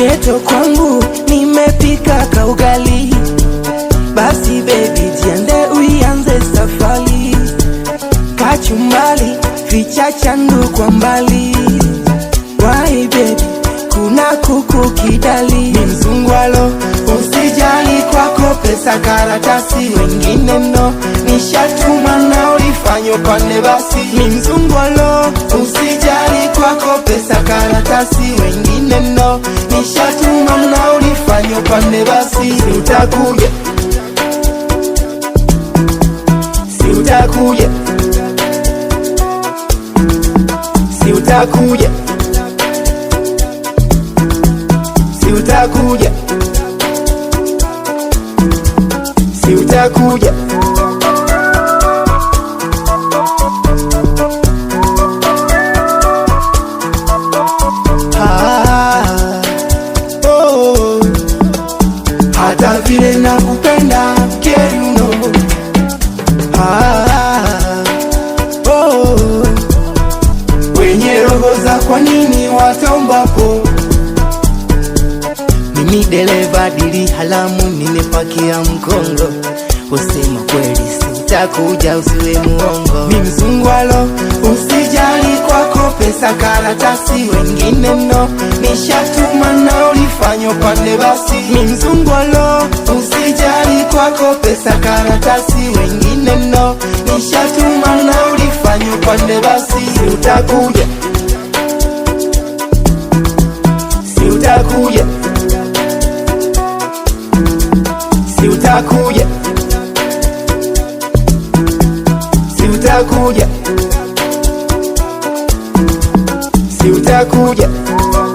Geto kwangu nimepika kaugali, basi baby jiende uianze safari, kachumbali ficha chandu kwa mbali, wai baby kuna kuku kidali, ni mzungwalo usijali, kwako pesa karatasi, wengine mno nishatuma na ulifanyo kwa basi, ni mzungwalo usijali, kwako pesa karatasi neno nishatuma na ulifanya upande, basi utakuja si utakuja si utakuja si vile na kupenda you know. Ah, ah, ah, oh. Wenye roho za kwa nini wataombapo mimi dereva dili halamu nimepakia mkongo usema kweli sitakuja usiwe muongo mimi mzungwalo usijali kwako pesa karatasi wengine mno nishatuma na kufanya pande basi, ni mzungwalo, usijali kwako pesa karatasi, wengine mno nishatuma na ulifanya upande basi, si utakuja, si utakuja, si utakuja, si utakuja, si utakuja